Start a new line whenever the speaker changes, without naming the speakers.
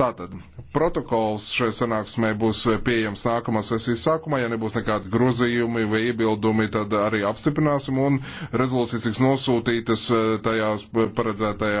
Tātad protokols šai sanāksmē būs pieejams nākamā sesijas sākumā. Ja nebūs nekādi grozījumi vai iebildumi, tad arī apstiprināsim un rezolūcijas tiks nosūtītas eh, tajās paredzētajām.